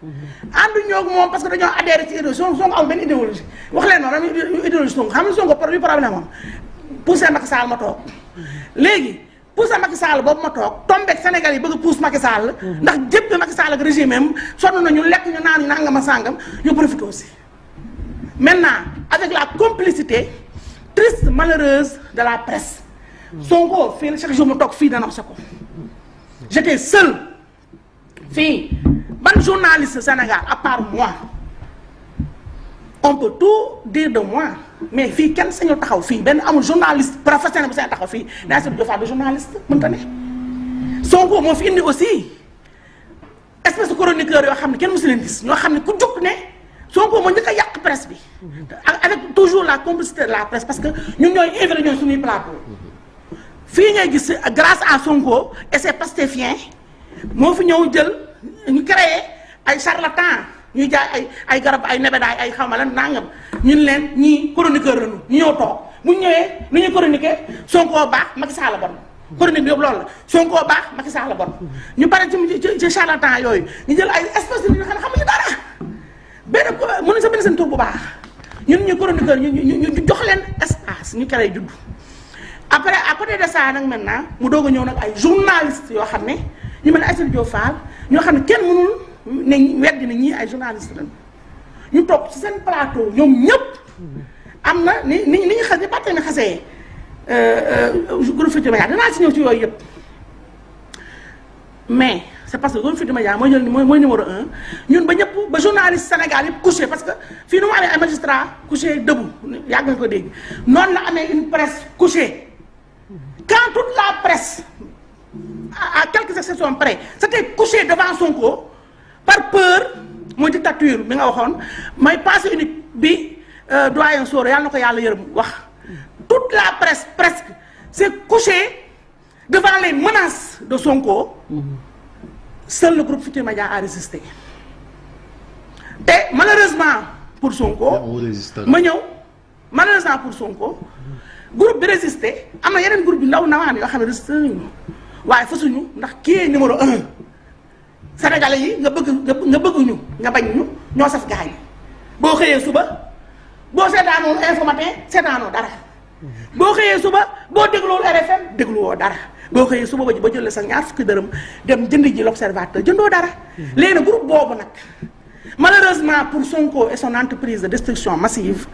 ànduñu ñoo moom parce que dañoo adhéré ci idéologie Sonko Sonko amul benn idéologie wax leen noonu am idéologie Sonko xam nga Sonko problème am poussé Macky Sall ma toog léegi poussé Macky Sall boobu ma toog tombeeg Sénégal yi bëgg a pousse Macky Sall ndax jëpp Macky Sall ak régime am sonn ñu lekk ñu naan ñu nangam a sàngam ñu profité aussi maintenant avec la complicité triste malheureuse de la presse Sonko fii chaque jour mu toog fii dana ko j'étais ban journaliste Sénégal à part moi on peut tout des de moi mais fii kenn sañul taxaw fii benn amul journaliste professionnel bu sañ taxaw fii naa si Diouf du journaliste mënta ne. Sonko moo fi indi aussi espèce de chroniqueur yoo xam ne kenn mësu leen gis ñoo xam ne ku jóg ne Sonko moo njëkk a yàq presse bi. avec toujours la complicité la presse parce que ñun ñooy invité ñooy suñuy plateau. fii ngay gis grâce à Sonko et ses pastéfiens moo fi ñëw jël. ñu créé ay charlatan ñuy jaay ay ay garab ay nebedaay ay xaw ma lan nangam ñun leen ñii chroniqueur lañu ñu ñëw toog bu ñu ñëwee lu ñu chroniqué Sonko baax Macky Sall la bon. chronique bi yëpp loolu la Sonko baax Macky Sall la bon ñu pare ci ci ci charlatan yooyu ñu jël ay espèces yu ñu xam xamuñu dara benn mënuñ sa benn bu baax ñun ñu chroniqueur ñu ñu ñu jox leen espace ñu créé judd. après à de ça nag maintenant mu doog a ñëw nag ay journalistes yoo xam ne. ñu ma ne Aïssatou Diop ñoo xam ne kenn mënul ne weddi na ñii ay journaliste lañ ñu toog ci seen plateau ñoom ñëpp am na ni ni ni ñu xas ni bàttee mi xasee euh, euh, groupe Futurs Médias danaa si ñëw ci yooyu yëpp mais c'est parce que groupe Futurs Médias mooy ñëw mooy numéro un ñun ba ñëpp ba journaliste Sénégal yëpp couché parce que fii nu mu amee ay magistrat couché debout yàgg nga ko dégg noonu la amee une presse couchée quand toute la presse ah à quelques exceptions près c'était couché devant Sonko par peur mooy dictature bi nga waxoon may passé unique bi euh, doyen Soro yàlla na ko yàlla yërëm wax toute la presse presque s'est couchée devant les menaces de Sonko seul le groupe Futurs Médias a résisté te malheureusement pour Sonko ma ñëw malheureusement pour Sonko groupe bi résisté am na yeneen groupe bi ndaw na nawaan yoo xam ne résisté nañu waaye fasuñu ndax kii numéro un sénégalais yi nga bëgg nga bëgguñu nga bañ ñu ñoo saf gaañ boo xëyee suba boo seetaanoon info matin seetaanoo dara boo xëyee suba boo dégluwul RFM dégluwoo dara boo xëyee suba ba ba jëlee sa ñaar fukki dërëm dem jënd ji l'observateur jëndoo dara léegi nag boobu nag malheureusement pour Sonko et son entreprise de destruction massive